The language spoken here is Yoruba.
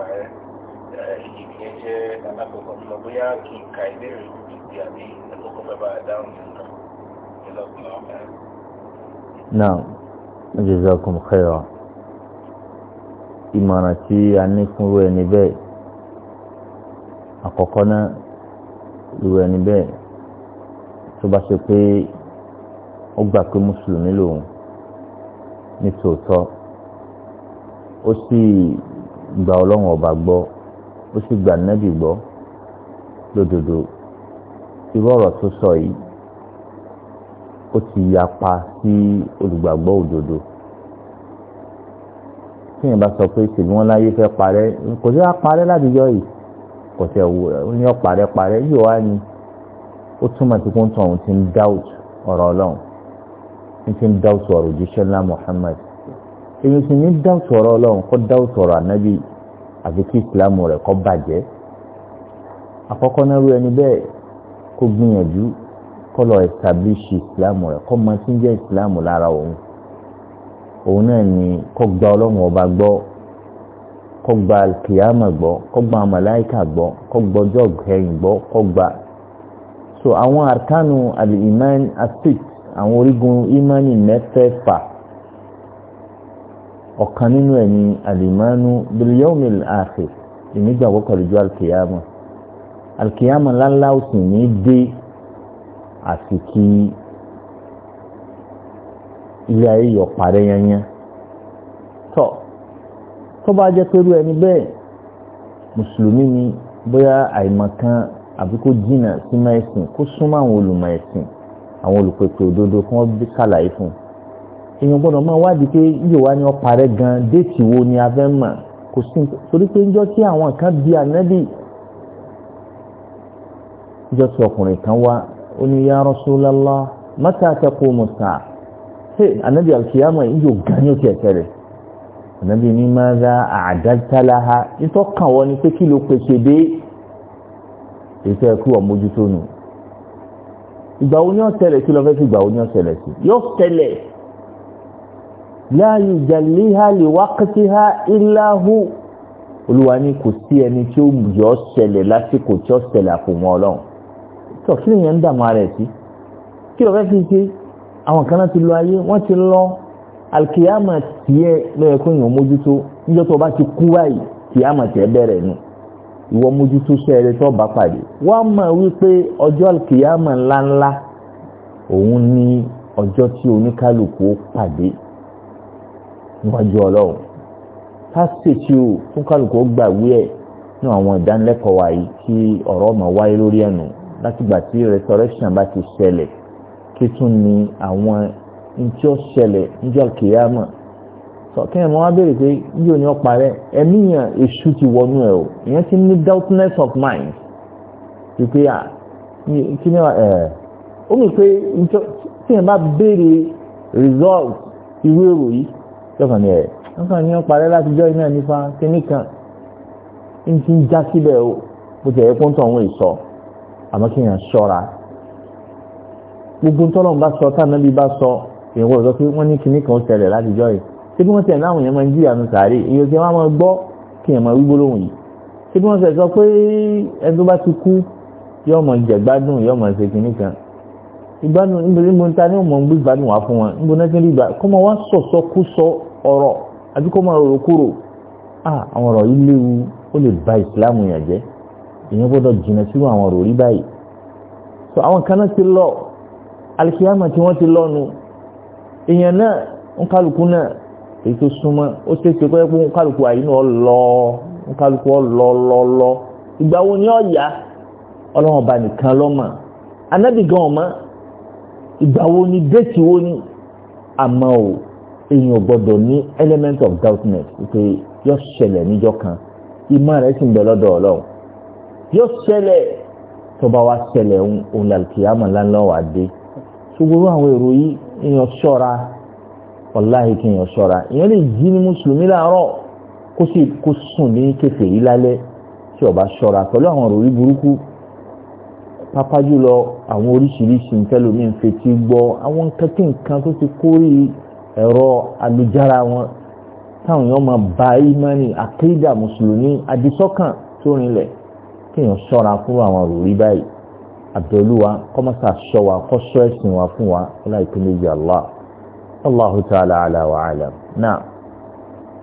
nípa ẹ ìyẹn jẹ́ alákọ̀ọ́kọ́ fún ọ bóyá kí n ka ìbéèrè ìdí àbí ẹ̀kọ́kọ́ bẹ́ẹ̀ bá dáhùn nìkan ìlọ́kùn náà. náà jazakum khaira ìmọ̀ràn tí a ní fún irú ẹni bẹ́ẹ̀ àkọ́kọ́ náà irú ẹni bẹ́ẹ̀ tó bá ṣe pé ó gbà pé mùsùlùmí lòun ní tòótọ́ ó sì gba ọlọ́run ọba gbọ́ ó sì gba nẹ́bì gbọ́ lódodo irú ọ̀rọ̀ tó sọ yìí ó ti yapa sí olùgbàgbọ́ òdodo tí yẹn bá sọ pé ṣèlú wọn láyé fẹ́ parẹ́ kò sí wá parẹ́ ládìjọ́ yìí kò sí ẹ̀wù ní ọ̀parẹ́ parẹ́ yóò wá ní ó túmọ̀ sí kó ń tọ̀ ti ń dáwùt ọ̀rọ̀ ọlọ́run ti ń dáwùt ọ̀rọ̀ òjíṣẹ́ ńlá Muhammad èyí sì ní dá sọ̀rọ̀ ọlọ́run kó dá sọ̀rọ̀ ànábì àfi kí ìsìlámù rẹ̀ kó bàjẹ́ àkọ́kọ́ náà rú ẹni bẹ́ẹ̀ kó gbìyànjú kó lọ establish ìsìlámù rẹ̀ kó mọ sí jẹ́ ìsìlámù lára òun òun náà ni kó gba ọlọ́run ọba gbọ́ kó gba kìyàmà gbọ́ kó gba màláìkà gbọ́ kó gbọ́jọ́ kẹyìn gbọ́ kó gba so àwọn àrkánù àlìmán àti àwọn orígun ìmánì mẹ́fẹ̀ẹ̀fà ọ̀kan nínú ẹ̀ ní alìmánú bílíọ̀nù àfẹ́ ìnígbàgbọ́ pẹ̀lú ju alkiyama alkiyama ńláńlá ó sì ní dé àti kí ilé ayé yọ parẹ́ yányán tọ́ tó bá jẹ́ pẹ̀lú ẹni bẹ́ẹ̀ mùsùlùmí ni bóyá àìmọ̀kan àbí kó jìnnà sí mẹ́sìn kó súnmọ́ àwọn olùmọ̀ ẹ̀sìn àwọn olùpèpè òdodo kí wọ́n bí sàlàyé fún un èèyàn gbọ́dọ̀ máa wádìí pé yòówá ni ọ̀pá rẹ̀ gan déètì wo ni a fẹ́ mọ̀ kò sí torí pé njọ́ tí àwọn kan bí ànábì njọ́ tí ọkùnrin kan wá ó ní ya Rasulullah mata taqumu as-sa'a ṣé ànábì alkiyama yìí yóò gan yóò tiẹ̀ tẹ̀lé ànábì ní madha a'dadta laha nítorí kan wọ́n ni pé kí ló pèsè dé ètò ẹ̀kú ọ̀mójútó nù ìgbà wo ni ó tẹ̀lé kí ló fẹ́ fi ìgbà wo ni ó tẹ̀lé sí yóò tẹ̀lé la yujalliha liwaqtiha illa hu olúwa ní kò sí ẹni tí ó yọ ṣẹlẹ̀ lásìkò tí ó ṣẹlẹ̀ àfòmọ́ ọlọ́run tó kí lèèyàn ń dààmú ara ẹ̀ sí kí lọ́ọ́ fẹ́ fi ṣe àwọn kan náà ti lọ ayé wọ́n ti lọ alkiyama tiẹ̀ lọ́yẹ̀ kó yàn mójútó níjọ́ tó o bá ti kú báyìí kiyama tiẹ̀ bẹ̀rẹ̀ nù ìwọ mójútó sẹ́ẹ̀rẹ́ tó bá pàdé wọ́n mọ̀ wípé ọjọ́ alkiyama ńláńlá òun ní ọjọ́ tí oníkálukú pàdé níwájú ọlọ́run ká ṣèṣì o fún kálukú ó gbàwé ẹ̀ ní àwọn ìdánilẹ́kọ̀ọ́ wa yìí kí ọ̀rọ̀ ọmọ wáyé lórí ẹ̀nu látìgbà tí restoration bá ti ṣẹlẹ̀ kí tún ni àwọn ntí ó ṣẹlẹ̀ níjọ́ kìyàmọ̀ sọ kí ẹ̀mọ́ wá béèrè pé yíò ní ọ̀pá rẹ ẹ̀mí yàn èṣù ti wọnú ẹ̀ o ìyẹn ti ní doubtness of mind wípé à kí ni ẹ̀ ó mi pé tí ẹ̀ bá béèrè result ìwé èrò yìí yọkàn ní ẹ̀ nǹkan ní wọ́n parẹ́ láti jọ́ iná nípa kíní kan ń ti ń já síbẹ̀ o bó ti ẹ̀ pọ́n tó àwọn èso àmọ́ kí èèyàn ṣọ́ra gbogbo tọ́lọ̀ bá sọ táwọn ẹbí bá sọ èèyàn wọ́n sọ pé wọ́n ní kíní kan ṣẹlẹ̀ láti jọ́ yìí ṣé bí wọ́n tẹ̀ láwọn èèyàn máa ń jìyà nù sàárè èèyàn ti wọ́n máa gbọ́ kí èèyàn máa wí gbólóhùn yìí ṣé bí wọ́n tẹ̀ sọ pé ẹni tó bá ti kú yóò mọ̀ jẹ̀gbádùn yóò mọ̀ ṣe kíní kan ìgbádùn níbo níbo níta ni wọ́n mọ̀ ń gbé ìgbádùn wá fún wọn níbo náà ti rí ìgbà kó mọ wá sọ̀sọ́ kú sọ ọ̀rọ̀ àbí kó máa rò kúrò ah àwọn ọ̀rọ̀ yìí léwu ó lè ba ìsìláàmù yẹn jẹ́ èèyàn gbọ́dọ̀ jìnnà sínú àwọn ọ̀rọ̀ rí báyìí so àwọn kan ti lọ alikiyama tí wọ́n ti lọ́nu èèyàn náà nkálukú náà èyí tó súnmọ́ ó ṣe é ṣe pé nkálukú àyínú ọlọ nkálukú ìgbà wo ni yá ọlọ́wọ́n ba nìkan wo ni déètì o. èèyàn gbọ́dọ̀ ní element of doubtness pé yóò ṣẹlẹ̀ níjọ́ kan ìmọ̀ rẹ̀ sì ń bẹ lọ́dọ̀ ọlọ́run yóò ṣẹlẹ̀ tó bá wá ṣẹlẹ̀ òun làlùkìyàmọ̀ láńlọ́wọ́ àdé ṣùgbọ́n àwọn èrò yìí èèyàn ṣọ́ra wàláhì kí èèyàn ṣọ́ra èèyàn lè jí ní mùsùlùmí láàárọ̀ kó sì kó sùn ní kèfèrí lálẹ́ tí ó bá ṣọ́ra pẹ̀lú àwọn èrò burúkú pápá jùlọ àwọn oríṣiríṣi ntẹ́lómi ń fetí gbọ́ àwọn nǹkan nǹkan tó ti kórìí ẹ̀rọ àlùjára wọn táwọn èèyàn máa ba ìmánì àkéjà mùsùlùmí àdìsọ́kàn tó rinlẹ̀ kéèyàn ṣọ́ra fún àwọn òrùlé báyìí àbẹ̀lúwa kọ́mọ́sà ṣọ́ wa kọ́ ṣọ́ ẹ̀sìn wa fún wa láìpẹ́ méjì allah allahu ta'ala ala wa alam náà.